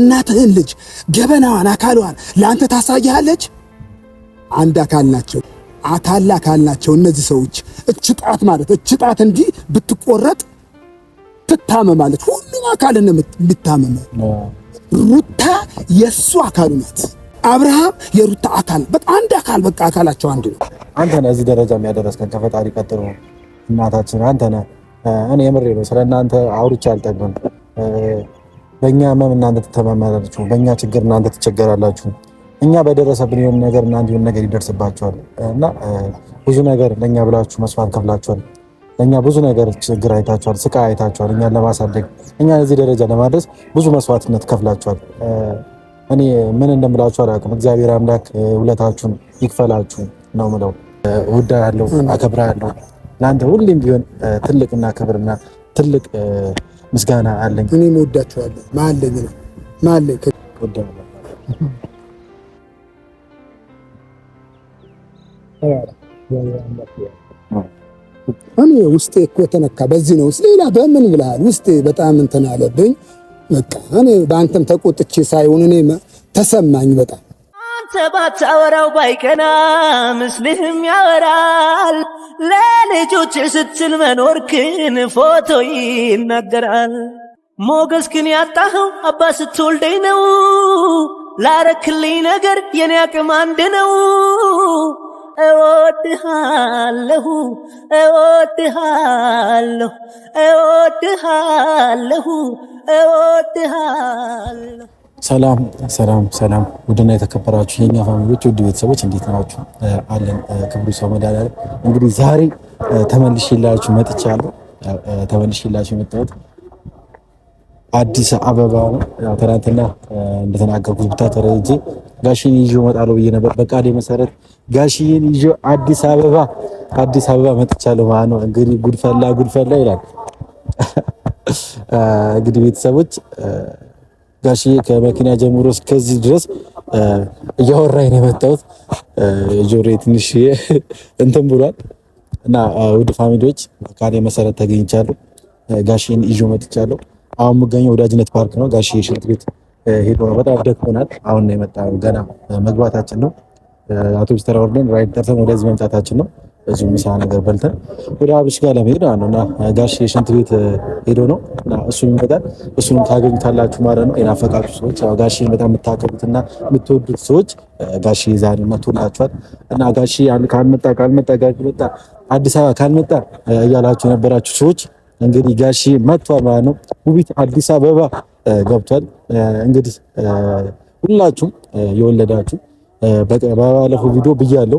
እናትህን ልጅ ገበናዋን አካሏን ለአንተ ታሳያለች። አንድ አካል ናቸው፣ አካል አካል ናቸው እነዚህ ሰዎች። እች ጣት ማለት እች ጣት እንዲህ ብትቆረጥ ትታመማለች። ሁሉም አካል የሚታመመ ሩታ የእሱ አካሉ ናት። አብርሃም የሩታ አካል በቃ አንድ አካል በቃ አካላቸው አንድ ነው። አንተ ነህ እዚህ ደረጃ የሚያደረስከን ከፈጣሪ ቀጥሎ እናታችን አንተ ነህ። እኔ የምሬ ነው። ስለ እናንተ አውርቼ አልጠግብም። በእኛ ህመም እናንተ ትተማመናላችሁ፣ በእኛ ችግር እናንተ ትቸገራላችሁ። እኛ በደረሰብን የሆነ ነገር እናንተ የሆነ ነገር ይደርስባቸዋል እና ብዙ ነገር ለእኛ ብላችሁ መስዋዕት ከፍላችኋል። ለእኛ ብዙ ነገር ችግር አይታችኋል፣ ስቃይ አይታችኋል። እኛን ለማሳደግ እኛን እዚህ ደረጃ ለማድረስ ብዙ መስዋዕትነት ከፍላችኋል። እኔ ምን እንደምላችሁ አላውቅም። እግዚአብሔር አምላክ ውለታችሁን ይክፈላችሁ ነው ምለው። አከብራ ያለው ለአንተ ሁሌም ቢሆን ትልቅና ክብርና ትልቅ ምስጋና አለኝ። እኔም እወዳችኋለሁ። ማለኝ ነው ማለኝ እኔ ውስጤ እኮ ተነካ። በዚህ ነው ሌላ በምን ብለሃል? ውስጤ በጣም እንትን አለብኝ። በቃ እኔ በአንተም ተቆጥቼ ሳይሆን እኔ ተሰማኝ በጣም አንተ ባታወራው ባይቀና ምስልህም ያወራል። ለልጆች ስትል መኖርክን ፎቶ ይናገራል። ሞገስክን ያጣኸው አባ ስትወልደኝ ነው። ላረክልኝ ነገር የኔ አቅም አንድ ነው። እወድሃለሁ እወድሃለሁ እወድሃለሁ እወድሃለሁ ሰላም ሰላም ሰላም፣ ውድና የተከበራችሁ የኛ ፋሚሊዎች ውድ ቤተሰቦች እንዴት ናችሁ? አለን ክብሩ ሰው መድኃኒዓለም እንግዲህ ዛሬ ተመልሼላችሁ መጥቻለሁ። ተመልሼላችሁ የመጣሁት አዲስ አበባ ነው። ትናንትና እንደተናገርኩት ብታ ተረጅ ጋሽን ይዤ እመጣለሁ ብዬ ነበር። በቃሌ መሰረት ጋሽዬን ይዤ አዲስ አበባ አዲስ አበባ መጥቻለሁ ማለት ነው። እንግዲህ ጉድፈላ ጉድፈላ ይላል እንግዲህ ቤተሰቦች ጋሽዬ ከመኪና ጀምሮ እስከዚህ ድረስ እያወራኝ ነው የመጣሁት። ጆሮዬ ትንሽ እንትን ብሏል እና ውድ ፋሚሊዎች ካሌ መሰረት ተገኝቻለሁ። ጋሽን ይዞ መጥቻለሁ። አሁን የምገኘው ወዳጅነት ፓርክ ነው። ጋሽዬ ሽንት ቤት ሄዶ በጣም ደክሞናል። አሁን ነው የመጣ ገና መግባታችን ነው። አውቶቡስ ወርደን ራይድ ጠርተን ወደዚህ መምጣታችን ነው። እዚሁ ምሳ ነገር በልተን ወደ አብርሽ ጋር ለመሄድ ማለት ነው። እና ጋሽ የሽንት ቤት ሄዶ ነው እና እሱ ይመጣል። እሱንም ታገኙታላችሁ ማለት ነው። የናፈቃችሁ ሰዎች ጋሽ በጣም የምታከቡትና የምትወዱት ሰዎች ጋሽ ዛሬ መቶላችኋል። እና ጋሽ ካልመጣ ካልመጣ ጋሽ መጣ አዲስ አበባ ካልመጣ እያላችሁ የነበራችሁ ሰዎች እንግዲህ ጋሽ መጥቷል ማለት ነው። ውቢት አዲስ አበባ ገብቷል። እንግዲህ ሁላችሁም የወለዳችሁ በባለፈው ቪዲዮ ብያለሁ።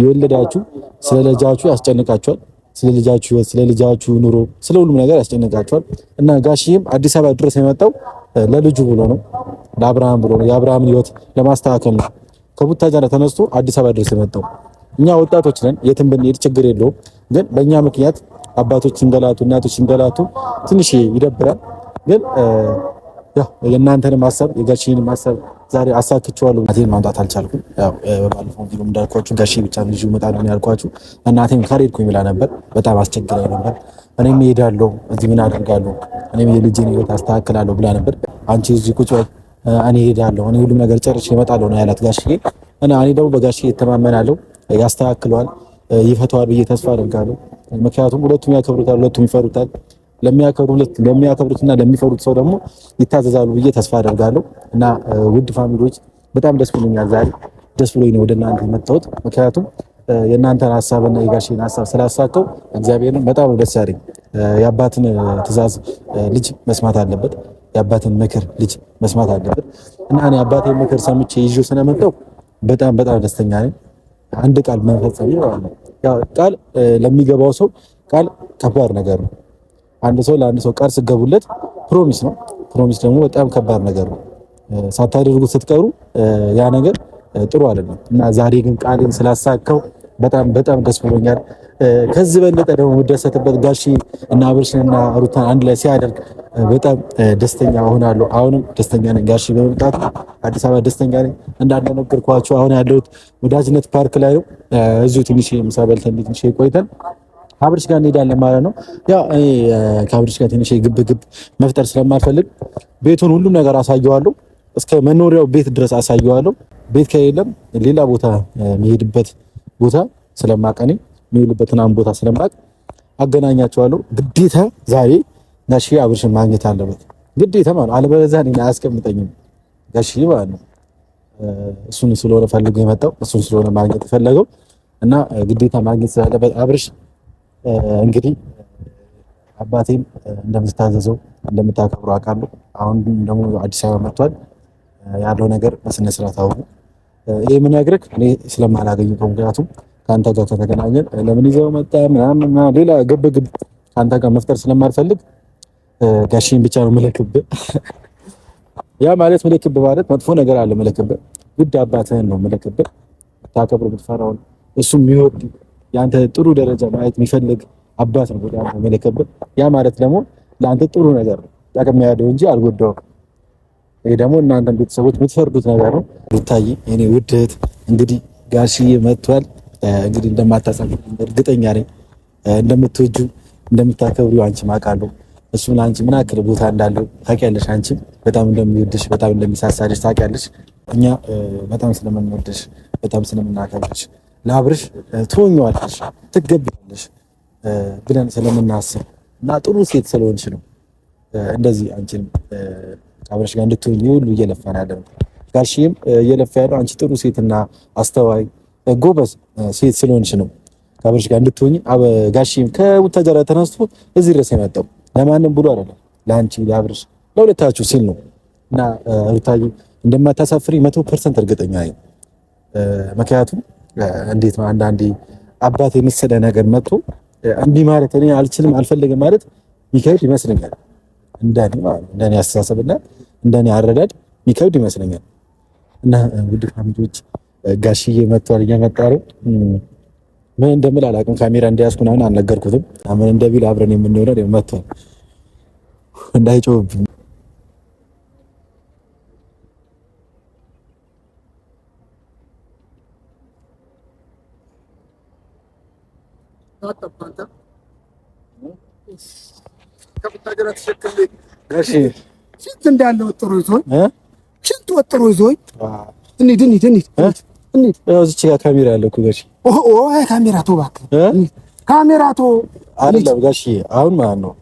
የወለዳችሁ ስለ ልጃችሁ ያስጨንቃችኋል። ስለ ልጃችሁ ሕይወት፣ ስለ ልጃችሁ ኑሮ፣ ስለ ሁሉም ነገር ያስጨንቃችኋል እና ጋሽዬም አዲስ አበባ ድረስ የመጣው ለልጁ ብሎ ነው፣ ለአብርሃም ብሎ ነው። የአብርሃምን ህይወት ለማስተካከል ነው ከቡታጅራ ተነስቶ አዲስ አበባ ድረስ የመጣው። እኛ ወጣቶች ነን፣ የትም ብንሄድ ችግር የለውም። ግን በእኛ ምክንያት አባቶች ሲንገላቱ፣ እናቶች ሲንገላቱ ትንሽ ይደብራል። ግን ያው የእናንተንም ሀሳብ የጋሽዬንም ዛሬ አሳክቼዋለሁ። እናቴን ማምጣት አልቻልኩም። በባለፈው እንዲሁ እንዳልኳችሁ ጋሼ ብቻ ልጅ መጣ ነው ያልኳችሁ። እናቴም ካልሄድኩኝ ብላ ነበር። በጣም አስቸግረኝ ነበር። እኔም እሄዳለሁ፣ እዚህ ምን አድርጋለሁ፣ እኔም የልጄን ህይወት አስተካክላለሁ ብላ ነበር። አንቺ እዚህ ቁጭ በይ፣ እኔ እሄዳለሁ፣ እኔ ሁሉም ነገር ጨርሼ እመጣለሁ ነው ያላት ጋሼ። እኔ ደግሞ በጋሼ እተማመናለሁ፣ ያስተካክለዋል፣ ይፈተዋል ብዬ ተስፋ አደርጋለሁ። ምክንያቱም ሁለቱም ያከብሩታል፣ ሁለቱም ይፈሩታል። ለሚያከብሩለት ለሚያከብሩትና ለሚፈሩት ሰው ደግሞ ይታዘዛሉ ብዬ ተስፋ አደርጋለሁ። እና ውድ ፋሚሊዎች በጣም ደስ ብሎኛል። ዛሬ ደስ ብሎኝ ነው ወደ እናንተ የመጣሁት። ምክንያቱም የእናንተን ሀሳብና የጋሽን ሀሳብ ስላሳከው እግዚአብሔርን በጣም ደስ ያለኝ። የአባትን ትዛዝ ልጅ መስማት አለበት። የአባትን ምክር ልጅ መስማት አለበት እና እኔ ምክር ሰምቼ ይዤው ስለመጣሁ በጣም በጣም ደስተኛ ነኝ። አንድ ቃል መፈጸም ቃል ለሚገባው ሰው ቃል ከባድ ነገር ነው አንድ ሰው ለአንድ ሰው ቃል ስገቡለት ፕሮሚስ ነው። ፕሮሚስ ደግሞ በጣም ከባድ ነገር ነው። ሳታደርጉት ስትቀሩ ያ ነገር ጥሩ አይደለም እና ዛሬ ግን ቃልን ስላሳከው በጣም በጣም ደስ ብሎኛል። ከዚህ በለጠ ደግሞ የምደሰትበት ጋሺ እና እና ሩታን አንድ ላይ ሲያደርግ በጣም ደስተኛ ሆናሉ አሁንም ደስተኛ ነኝ። ጋሺ በመምጣት አዲስ አበባ ደስተኛ ነኝ። እንዳልነገርኳቸው አሁን ያለሁት ወዳጅነት ፓርክ ላይ ነው። እዚሁ ትንሽ ምሳ በልተን ትንሽ ቆይተን ከአብርሽ ጋር እንሄዳለን ማለት ነው። ያው እኔ ከአብርሽ ጋር ትንሽ ግብ ግብ መፍጠር ስለማልፈልግ ቤቱን ሁሉም ነገር አሳየዋለሁ። እስከ መኖሪያው ቤት ድረስ አሳየዋለሁ። ቤት ከሌለም ሌላ ቦታ የሚሄድበት ቦታ ስለማቀኔ የሚሄድበትን ቦታ ስለማቅ አገናኛቸዋለሁ። ግዴታ ዛሬ ጋሺ አብርሽን ማግኘት አለበት ግዴታ ማለት አለበለዚያ እኔን አያስቀምጠኝም ጋሺ ማለት ነው። እሱን ስለሆነ ፈልጎ የመጣው እሱን ስለሆነ ማግኘት የፈለገው እና ግዴታ ማግኘት ስላለበት አብርሽ እንግዲህ አባቴም እንደምትታዘዘው እንደምታከብረው አውቃለሁ። አሁን ደግሞ አዲስ አበባ መጥቷል። ያለው ነገር በስነ ስርዓት አሁን ይሄ ምን ነግርህ እኔ ስለማላገኝ ነው። ምክንያቱም ከአንተ ጋር ከተገናኘን ለምን ይዘው መጣ ምናምን ሌላ ግብ ግብ ከአንተ ጋር መፍጠር ስለማልፈልግ ጋሽን ብቻ ነው ምልክብህ። ያ ማለት ምልክብህ ማለት መጥፎ ነገር አለ ምልክብህ፣ ውድ አባትህን ነው ምልክብህ። ታከብሩ ብትፈራውን እሱም የሚወድ የአንተ ጥሩ ደረጃ ማየት የሚፈልግ አባት ነው ወደ አንተ የሚልክብህ። ያ ማለት ደግሞ ለአንተ ጥሩ ነገር ጠቅም ያለው እንጂ አልጎዳውም። ይህ ደግሞ እናንተ ቤተሰቦች የምትፈርዱት ነገር ነው። ሩታዬ እኔ ውድህት እንግዲህ ጋሽዬ መጥቷል። እንግዲህ እንደማታሳፍ እርግጠኛ ነኝ፣ እንደምትወጁ እንደምታከብሩ አንቺ አውቃለሁ። እሱም ለአንቺ ምን ያክል ቦታ እንዳለው ታውቂያለሽ። አንቺም በጣም እንደሚወድሽ በጣም እንደሚሳሳልሽ ታውቂያለሽ። እኛ በጣም ስለምንወድሽ በጣም ስለምናከብርሽ ለአብርሽ ትሆኛዋለሽ፣ ትገቢያለሽ ብለን ስለምናስብ እና ጥሩ ሴት ስለሆንሽ ነው እንደዚህ አንቺን አብረሽ ጋር እንድትሆኝ ሁሉ እየለፋ ነው ነው። ጋሽም እየለፋ ያለው አንቺ ጥሩ ሴትና አስተዋይ ጎበዝ ሴት ስለሆንሽ ነው ከአብረሽ ጋር እንድትሆኝ። ጋሽም ከቡታጀራ ተነስቶ እዚህ ድረስ የመጣው ለማንም ብሎ አይደለም፣ ለአንቺ ለአብረሽ፣ ለሁለታችሁ ሲል ነው እና ሩታዬ እንደማታሳፍሪ መቶ ፐርሰንት እርግጠኛ ነኝ ምክንያቱም እንዴት ነው አንዳንዴ አባት የመሰለ ነገር መጥቶ እምቢ ማለት እኔ አልችልም አልፈልግም ማለት ሚከብድ ይመስለኛል። እንደኔ እንደኔ አስተሳሰብና እንደኔ አረዳድ ሚከብድ ይመስለኛል። እና ውድ ፋሚሊዎች ጋሽዬ መጥቷል፣ እየመጣ ነው። ምን እንደምል አላውቅም። ካሜራ እንደያዝኩ ምናምን አልነገርኩትም። ምን እንደሚል አብረን የምንሆነው መጥቷል እንዳይጮህብኝ ጥፋት እሺ፣ ሽንት እንዳለ ወጥሮ ይዞኝ ሽንት ወጥሮ ይዞኝ እንሂድ እንሂድ እንሂድ እንሂድ። ያው ጋር ካሜራ አለ እኮ ጋሽ። ኦ ኦ ካሜራ ተው እባክህ፣ ካሜራ ተው አይደለም ጋሽ። አሁን ማለት ነው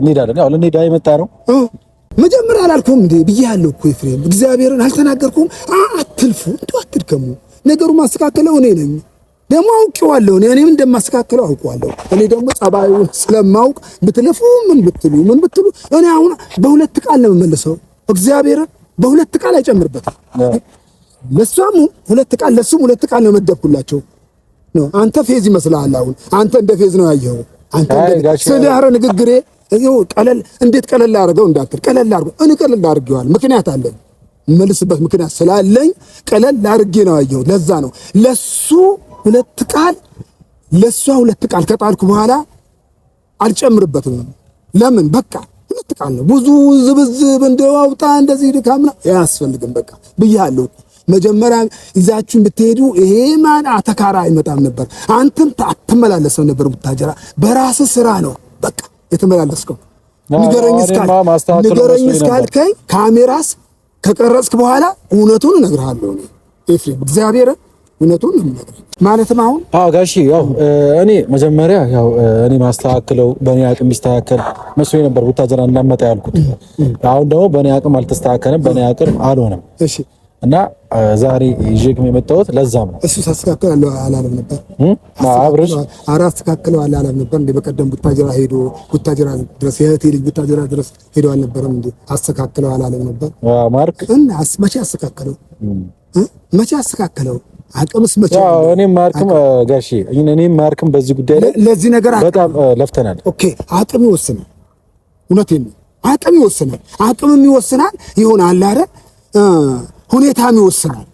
እንሄዳለን። ያው ልንሄድ የመጣ ነው መጀመሪያ አላልኩም እንዴ ብያለሁ እኮ ኤፍሬም፣ እግዚአብሔርን አልተናገርኩም። አትልፉ፣ እንደው አትድከሙ። ነገሩ ማስተካከለው እኔ ነኝ። ደግሞ አውቄዋለሁ። እኔም እንደማስተካከለው አውቀዋለሁ። እኔ ደግሞ ጸባዩ ስለማውቅ ብትለፉ ምን ብትሉ ምን ብትሉ እኔ አሁን በሁለት ቃል ነው የምመልሰው። እግዚአብሔር በሁለት ቃል አይጨምርበትም። ለሷም ሁለት ቃል ለሱም ሁለት ቃል ነው መደብኩላቸው። አንተ ፌዝ ይመስልሃል። አሁን አንተ እንደ ፌዝ ነው ያየኸው። አንተ እንደ ንግግሬ ይኸው ቀለል እንዴት ቀለል ላደርገው እንዳትል፣ ቀለል አድርገው እኔ ቀለል ላደርገዋል። ምክንያት አለኝ መልስበት ምክንያት ስላለኝ ቀለል አድርጌ ነው ያየኸው። ለዛ ነው ለሱ ሁለት ቃል ለሷ ሁለት ቃል ከጣልኩ በኋላ አልጨምርበትም። ለምን በቃ ሁለት ቃል ነው። ብዙ ዝብዝብ እንደው እንደዚህ ድካምና አያስፈልግም። በቃ ብያለሁ። መጀመሪያ ይዛችሁን ብትሄዱ ይሄ ማን አተካራ አይመጣም ነበር፣ አንተም አትመላለስም ነበር። ቡታጀራ በራስ ስራ ነው በቃ የተመላለስከው። ንገረኝ እስካልከኝ ካሜራስ ከቀረጽክ በኋላ እውነቱን እነግርሃለሁ። ኤፍሬም እግዚአብሔር እውነቱን ነው ማለትም አሁን ጋሺ ያው እኔ መጀመሪያ ያው እኔ ማስተካክለው በእኔ አቅም ይስተካከል መስሎኝ ነበር ቡታጀራ እንዳመጣ ያልኩት። አሁን ደግሞ በእኔ አቅም አልተስተካከለም፣ በእኔ አቅም አልሆነም እና ዛሬ ይዤግም የመጣሁት ለዛም ነው። እሱ ታስተካክላለሁ አላለም ነበር አብርሽ ኧረ አስተካክለው አላለም ነበር እንዴ? በቀደም ቡታጀራ ሄዶ ቡታጀራ ድረስ የእህቴ ልጅ ቡታጀራ ድረስ ሄዶ አልነበረም እንዴ? አስተካክለው አላለም ነበር ማርክ እና መቼ አስተካከለው? መቼ አስተካከለው አቅምስ መቼ እኔም ማርክም ጋሼ እኔም ማርክም በዚህ ጉዳይ ላይ ለዚህ ነገር በጣም ለፍተናል። ኦኬ አቅም ይወስናል። እውነቴን ነው። አቅም ይወስናል። አቅምም ይወስናል። ይሆናል አይደል? ሁኔታም ይወስናል።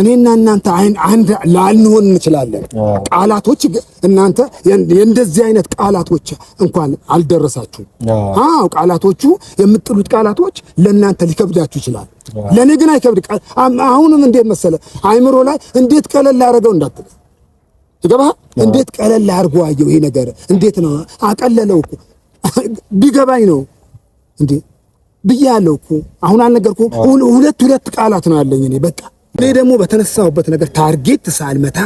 እኔና እናንተ አንድ ላንሆን እንችላለን። ቃላቶች እናንተ የእንደዚህ አይነት ቃላቶች እንኳን አልደረሳችሁም። አዎ ቃላቶቹ የምጥሉት ቃላቶች ለእናንተ ሊከብዳችሁ ይችላል። ለእኔ ግን አይከብድ። አሁንም እንዴት መሰለ አይምሮ ላይ እንዴት ቀለል አደረገው እንዳትል ይገባ። እንዴት ቀለል አድርጎ አየው ይሄ ነገር እንዴት ነው አቀለለው እኮ ቢገባኝ ነው እንዴ ብያለሁ እኮ አሁን አልነገርኩም። ሁለት ሁለት ቃላት ነው ያለኝ እኔ በቃ እኔ ደግሞ በተነሳሁበት ነገር ታርጌት ሳልመታ፣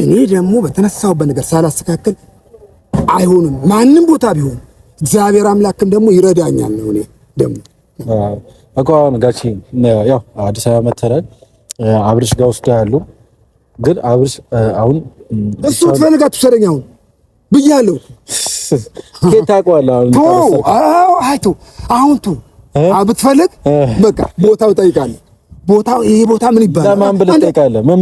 እኔ ደግሞ በተነሳሁበት ነገር ሳላስተካከል አይሆንም። ማንም ቦታ ቢሆን እግዚአብሔር አምላክም ደግሞ ይረዳኛል ነው። እኔ ደግሞ እኮ ጋቺ ያው አዲስ አበባ መተረን አብርሽ ጋር ውስጥ ያሉ ግን አብርሽ አሁን እሱ ትፈልጋት ትሰረኝ አሁን ብያለሁ። ታውቀዋለህ አሁን አሁን ቱ ብትፈልግ በቃ ቦታው ጠይቃለሁ ቦታው ይሄ ቦታ ምን ይባላል? ለማን ብለህ ትጠይቃለህ? ምን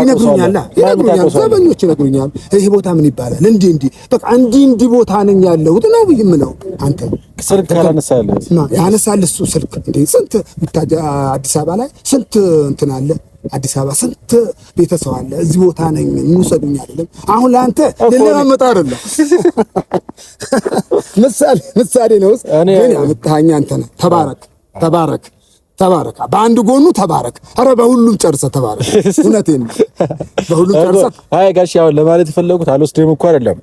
ይነግሩኛል፣ ይነግሩኛል፣ ዘበኞች ይነግሩኛል። ይሄ ቦታ ምን ይባላል? እንዲህ እንዲህ በቃ እንዲህ እንዲህ ቦታ ነኝ ያለሁት ነው ብዬ የምለው አንተ ስልክ ካላነሳለህ ያነሳል እሱ ስልክ እንዴ? ስንት አዲስ አበባ ላይ ስንት እንትን አለ አዲስ አበባ ስንት ቤተሰብ አለ። እዚህ ቦታ ነኝ እንውሰዱኝ አይደለም። አሁን ለአንተ ልለማመጥ አይደለም፣ ምሳሌ ምሳሌ ነው። ግን ያመጣኸኝ አንተ ነህ። ተባረክ ተባረክ። ተባረክ። በአንድ ጎኑ ተባረክ። ኧረ በሁሉም ጨርሰ ተባረክ። እውነቴን ነው፣ በሁሉም ጨርሰህ። አይ ጋሽ ያው ለማለት የፈለኩት አልወስድህም እኮ አይደለም።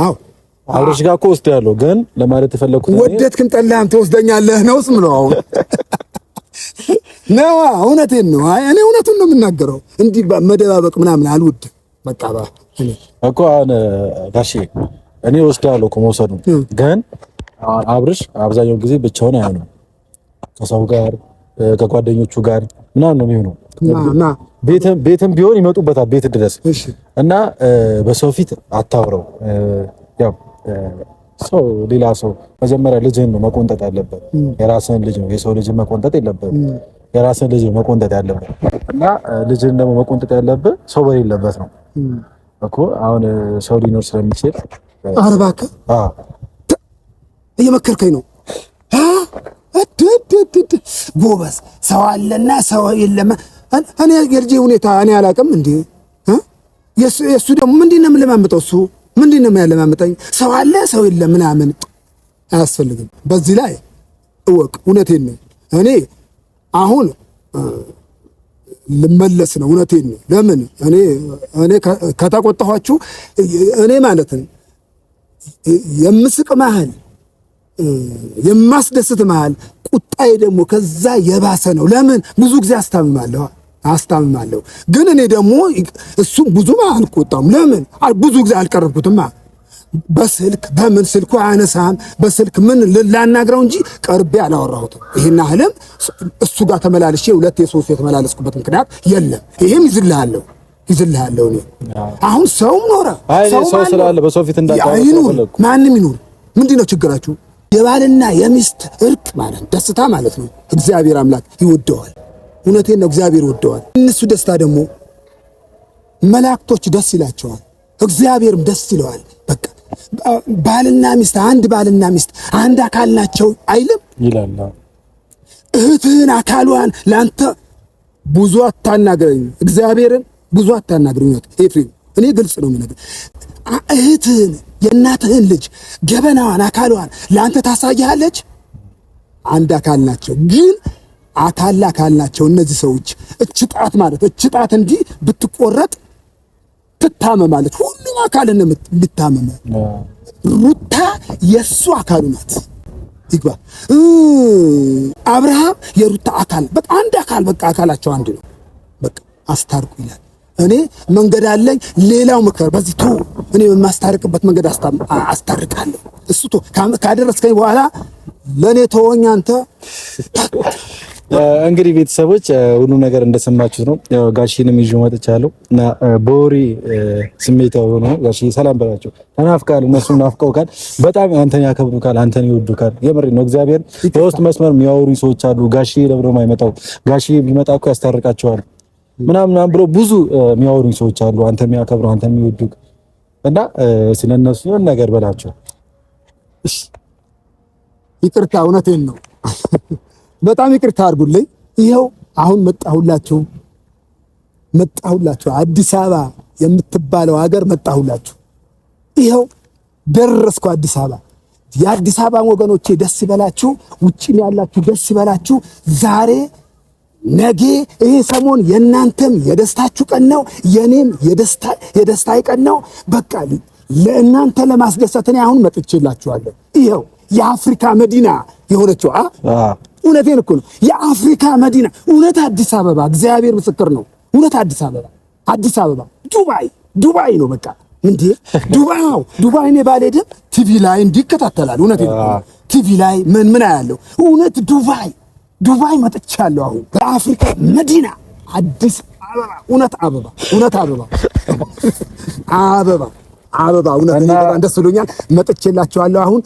አዎ አብረሽ ጋር እኮ ወስደሃለሁ፣ ግን ለማለት የፈለኩት ወደድክም ጠላህም ትወስደኛለህ ነውስ ምለው አሁን ነዋ። እውነቴን ነው። አይ እኔ እውነቱን ነው የምናገረው። እንዲህ መደባበቅ ምናምን አልወድም። በቃ ባ እኮ አሁን ጋሼ እኔ ወስደሃለሁ እኮ መውሰዱ፣ ግን አብረሽ አብዛኛው ጊዜ ብቻውን አይሆንም ከሰው ጋር ከጓደኞቹ ጋር ምናምን ነው የሚሆነው። ቤትም ቢሆን ይመጡበታል ቤት ድረስ እና በሰው ፊት አታውረው። ያው ሰው ሌላ ሰው መጀመሪያ ልጅህን ነው መቆንጠጥ ያለበት። የራስህን ልጅ ነው የሰው ልጅ መቆንጠጥ የለበት። የራስህን ልጅ ነው መቆንጠጥ ያለበት እና ልጅህን ደግሞ መቆንጠጥ ያለብህ ሰው በሌለበት ነው እኮ አሁን ሰው ሊኖር ስለሚችል አረ እባክህ እየመከርከኝ ነው ቦበስ ሰው አለና ሰው የለም እኔ የልጄ ሁኔታ እኔ አላውቅም። እንዴ የእሱ ደግሞ ምንድን ነው የምለማምጠው? እሱ ምንድን ነው የሚያለማምጠኝ? ሰው አለ ሰው የለ ምናምን አያስፈልግም። በዚህ ላይ እወቅ። እውነቴን ነው። እኔ አሁን ልመለስ ነው። እውነቴን ነው። ለምን እኔ እኔ ከተቆጣኋችሁ እኔ ማለት ነው የምስቅ መሀል የማስደስት መሃል ቁጣዬ ደግሞ ከዛ የባሰ ነው። ለምን ብዙ ጊዜ አስታምማለሁ አስታምማለሁ ግን እኔ ደግሞ እሱ ብዙ አልቆጣም። ለምን ብዙ ጊዜ አልቀረብኩትማ። በስልክ በምን ስልኩ አያነሳም። በስልክ ምን ላናግረው እንጂ ቀርቤ አላወራሁትም። ይሄና አህልም እሱ ጋር ተመላልሼ ሁለት የሶስት የተመላለስኩበት ምክንያት የለም። ይሄም ይዝልሃለሁ ይዝልሃለሁ። እኔ አሁን ሰውም ኖረ ሰው ስላለ በሰው ፊት እንዳይኖር ማንም ይኑር ምንድን ነው ችግራችሁ? የባልና የሚስት እርቅ ማለት ደስታ ማለት ነው። እግዚአብሔር አምላክ ይወደዋል። እውነቴን ነው። እግዚአብሔር ይወደዋል። እነሱ ደስታ ደግሞ መላእክቶች ደስ ይላቸዋል፣ እግዚአብሔርም ደስ ይለዋል። በቃ ባልና ሚስት አንድ ባልና ሚስት አንድ አካል ናቸው አይልም ይላል። እህትህን አካሏን ለአንተ ብዙ አታናግረኝ፣ እግዚአብሔርን ብዙ አታናግረኝ። ኤፍሬም እኔ ግልጽ ነው የምነግርህ እህትህን የእናትህን ልጅ ገበናዋን አካሏን ለአንተ ታሳያለች። አንድ አካል ናቸው፣ ግን አካል አካል ናቸው። እነዚህ ሰዎች እች ጣት ማለት እች ጣት እንዲህ ብትቆረጥ ትታመማለች። ሁሉም አካል የሚታመመ ሩታ የእሱ አካሉ ናት። ይግባ አብርሃም የሩታ አካል በቃ አንድ አካል በቃ አካላቸው አንድ ነው። በቃ አስታርቁ ይላል። እኔ መንገድ አለኝ። ሌላው ምክር በዚህ ቶ እኔ የማስታርቅበት መንገድ አስታርቃለሁ። እሱ ቶ ካደረስከኝ በኋላ ለእኔ ተወኝ አንተ። እንግዲህ ቤተሰቦች ሁሉ ነገር እንደሰማችሁት ነው። ጋሽንም ይዤ መጥቻለሁ እና በወሬ ስሜታዊ ሆኖ ጋሽ ሰላም በላቸው። ተናፍቃል፣ እነሱም ናፍቀውካል። በጣም አንተን ያከብሩካል፣ አንተን ይወዱካል። የምር ነው እግዚአብሔር። በውስጥ መስመር የሚያወሩ ሰዎች አሉ። ጋሽ ለብረው አይመጣው። ጋሽ ቢመጣ እኮ ያስታርቃቸዋል ምናምን ብሎ ብዙ የሚያወሩኝ ሰዎች አሉ። አንተ የሚያከብሩ አንተ የሚወዱ እና ስለነሱ የሆነ ነገር በላቸው። ይቅርታ፣ እውነቴን ነው። በጣም ይቅርታ አድርጉልኝ። ይኸው አሁን መጣሁላችሁ መጣሁላችሁ አዲስ አበባ የምትባለው ሀገር መጣሁላችሁ። ይኸው ደረስኩ አዲስ አበባ። የአዲስ አበባን ወገኖቼ ደስ ይበላችሁ፣ ውጭም ያላችሁ ደስ ይበላችሁ ዛሬ ነገ ይሄ ሰሞን የእናንተም የደስታችሁ ቀን ነው፣ የኔም የደስታ ቀን ነው። በቃ ለእናንተ ለማስደሰት እኔ አሁን መጥቼላችኋለሁ። ይኸው የአፍሪካ መዲና የሆነችው አ እውነቴን እኮ ነው። የአፍሪካ መዲና እውነት አዲስ አበባ፣ እግዚአብሔር ምስክር ነው። እውነት አዲስ አበባ፣ አዲስ አበባ ዱባይ፣ ዱባይ ነው በቃ እንዴ ዱባይ ነው። ዱባይ እኔ ባልሄድም ቲቪ ላይ እንዲከታተላል። እውነቴን ቲቪ ላይ ምን ምን አያለው እውነት ዱባይ ዱባይ መጥቻለሁ። አሁን በአፍሪካ መዲና አዲስ አበባ እውነት አበባ እውነት አበባ አበባ አበባ እውነት በጣም ደስ ብሎኛል። መጥቼላችኋለሁ። አሁን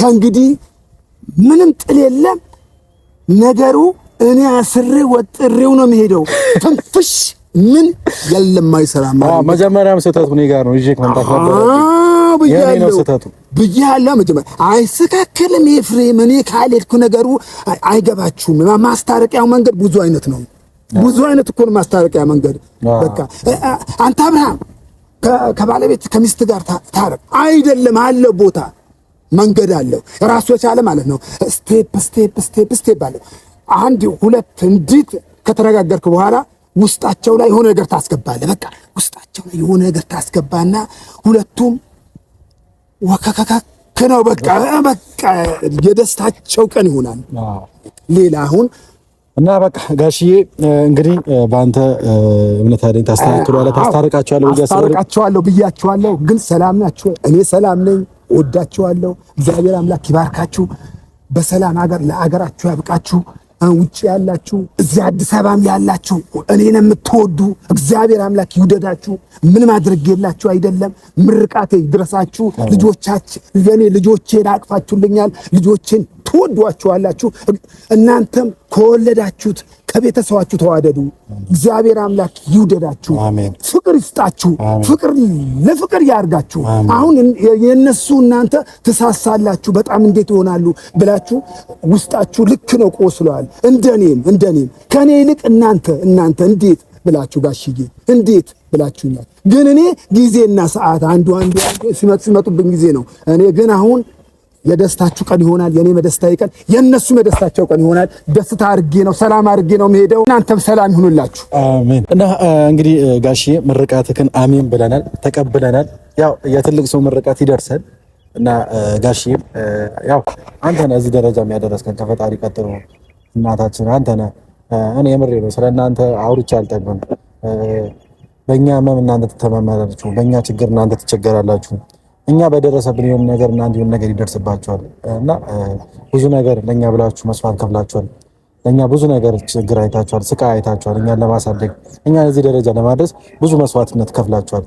ከእንግዲህ ምንም ጥል የለም ነገሩ። እኔ አስሬ ወጥሬው ነው የሚሄደው። ትንፍሽ ምን የለም አይሰራም። መጀመሪያም ስህተቱ እኔ ጋር ነው። ይዤ መምጣት ነበረብኝ። የእኔ ነው ስህተቱ ብያለሁ። መጀመር አይስተካከልም። ኤፍሬም እኔ ካልሄድኩ ነገሩ አይገባችሁም። ማስታረቂያው መንገድ ብዙ አይነት ነው። ብዙ አይነት እኮ ነው ማስታረቂያ መንገድ። በቃ አንተ አብርሃም ከባለቤት ከሚስት ጋር ታረቅ አይደለም አለ ቦታ መንገድ አለው ራሱ የቻለ ማለት ነው። ስቴፕ ስቴፕ ስቴፕ ስቴፕ አለው። አንድ ሁለት እንዲት ከተረጋገርክ በኋላ ውስጣቸው ላይ የሆነ ነገር ታስገባለህ። በቃ ውስጣቸው ላይ የሆነ ነገር ታስገባና ሁለቱም ወከከከክ ነው። በቃ በቃ የደስታቸው ቀን ይሆናል። ሌላ አሁን እና በቃ ጋሽዬ እንግዲህ በአንተ እምነት አይደኝ ታስተካክላለህ፣ ታስታርቃቸዋለሁ ታስታርቃቸዋለሁ ብያቸዋለሁ። ግን ሰላም ናቸው፣ እኔ ሰላም ነኝ፣ እወዳቸዋለሁ። እግዚአብሔር አምላክ ይባርካችሁ፣ በሰላም አገር ለአገራችሁ ያብቃችሁ። ውጭ ያላችሁ እዚህ አዲስ አበባም ያላችሁ እኔን የምትወዱ እግዚአብሔር አምላክ ይውደዳችሁ። ምን ማድረግ የላችሁ አይደለም። ምርቃቴ ይድረሳችሁ። ልጆቻችን የኔ ልጆቼን አቅፋችሁልኛል። ልጆቼን ትወዷችኋላችሁ። እናንተም ከወለዳችሁት ከቤተሰባችሁ ተዋደዱ። እግዚአብሔር አምላክ ይውደዳችሁ፣ ፍቅር ይስጣችሁ፣ ፍቅር ለፍቅር ያርጋችሁ። አሁን የነሱ እናንተ ትሳሳላችሁ፣ በጣም እንዴት ይሆናሉ ብላችሁ ውስጣችሁ ልክ ነው ቆስሏል እንደኔም እንደኔም ከኔ ይልቅ እናንተ እናንተ እንዴት ብላችሁ ጋሽዬ እንዴት ብላችሁኛል። ግን እኔ ጊዜና ሰዓት አንዱ አንዱ ሲመጡብኝ ጊዜ ነው። እኔ ግን አሁን የደስታችሁ ቀን ይሆናል። የኔ የደስታዬ ቀን የእነሱም መደስታቸው ቀን ይሆናል። ደስታ አድርጌ ነው ሰላም አድርጌ ነው የምሄደው። እናንተም ሰላም ይሁኑላችሁ። አሜን። እና እንግዲህ ጋሼ ምርቃትህን አሜን ብለናል፣ ተቀብለናል። ያው የትልቅ ሰው ምርቃት ይደርሰን እና ጋሼ ያው አንተ ነህ እዚህ ደረጃ የሚያደረስከን ከፈጣሪ ቀጥሎ እናታችን አንተ ነህ። እኔ የምሬ ነው ስለ እናንተ አውርቼ አልጠግብም። በእኛ ህመም እናንተ ትተማመናላችሁ፣ በእኛ ችግር እናንተ ትቸገራላችሁ። እኛ በደረሰብን የሆነ ነገር እና የሆነ ነገር ይደርስባቸዋል እና ብዙ ነገር ለእኛ ብላችሁ መስዋዕት ከፍላችኋል። ለእኛ ብዙ ነገር ችግር አይታችኋል፣ ስቃይ አይታችኋል። እኛን ለማሳደግ እኛ እዚህ ደረጃ ለማድረስ ብዙ መስዋዕትነት ከፍላችኋል።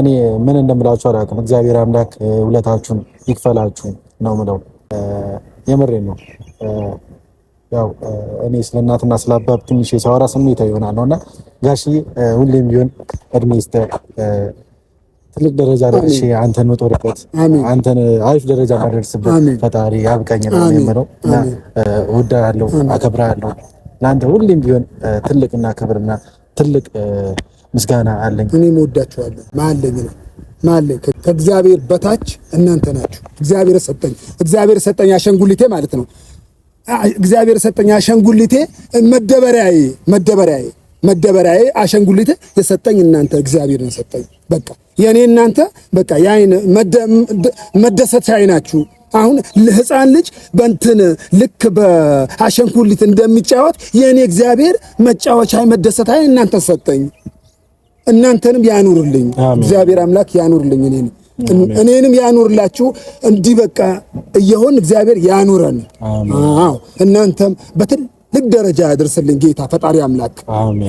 እኔ ምን እንደምላችሁ አላውቅም። እግዚአብሔር አምላክ ውለታችሁን ይክፈላችሁ ነው ምለው። የምሬ ነው። ያው እኔ ስለ እናትና ስለ አባት ትንሽ የሰዋራ ስሜታ ይሆናል ነው እና ጋሽዬ ሁሌም ቢሆን እድሜ ይስጥ ትልቅ ደረጃ ደርሽ አንተን መጦርበት አንተን አሪፍ ደረጃ ማደርስበት ፈጣሪ ያብቃኝ ነው የምለው። እና አከብራ ያለው ለአንተ ሁሌም ቢሆን ትልቅና ክብርና ትልቅ ምስጋና አለኝ። እኔም ወዳችኋለሁ። ማለኝ ነው ማለኝ ከእግዚአብሔር በታች እናንተ ናችሁ። እግዚአብሔር ሰጠኝ፣ እግዚአብሔር ሰጠኝ አሸንጉሊቴ ማለት ነው። እግዚአብሔር ሰጠኝ አሸንጉሊቴ፣ መደበሪያዬ፣ መደበሪያዬ፣ መደበሪያዬ አሸንጉሊቴ የሰጠኝ እናንተ እግዚአብሔርን ሰጠኝ በቃ የኔ እናንተ በቃ የአይን መደሰት አይናችሁ አሁን ህፃን ልጅ በእንትን ልክ በአሸንኩሊት እንደሚጫወት የእኔ እግዚአብሔር መጫወቻ መደሰት አይን እናንተን ሰጠኝ። እናንተንም ያኑርልኝ እግዚአብሔር አምላክ ያኑርልኝ፣ እኔን እኔንም ያኑርላችሁ። እንዲህ በቃ እየሆን እግዚአብሔር ያኑረን። አዎ እናንተም በትል ልክ ደረጃ ያደርስልን ጌታ ፈጣሪ አምላክ።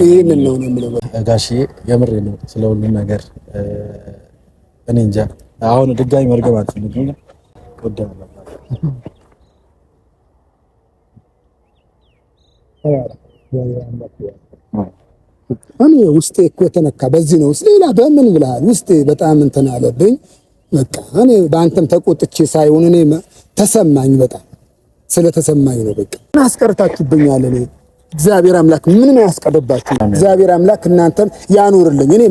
ይህን ነው የምለው ጋሼ፣ የምሬ ነው ስለ ሁሉም ነገር እኔ እንጃ። አሁን ድጋሚ መርገብ አልፈልግም። እኔ ውስጤ እኮ የተነካ በዚህ ነው ሌላ በምን ብልሃል? ውስጤ በጣም እንትን አለብኝ። በቃ እኔ በአንተም ተቆጥቼ ሳይሆን እኔ ተሰማኝ በጣም ስለተሰማኝ ነው። በቃ ምን አስቀርታችሁብኛል? እኔ እግዚአብሔር አምላክ ምንም አያስቀርባችሁ። እግዚአብሔር አምላክ እናንተን ያኖርልኝ። እኔ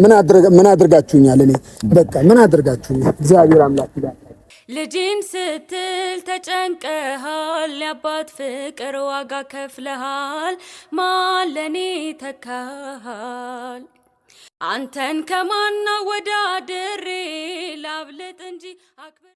ምን አድርጋችሁኛል? እኔ በቃ ምን አድርጋችሁኛል? እግዚአብሔር አምላክ ልጅን ስትል ተጨንቀሃል፣ ያባት ፍቅር ዋጋ ከፍለሃል፣ ማለኔ ተካሃል አንተን ከማና ወዳድሬ ላብልጥ እንጂ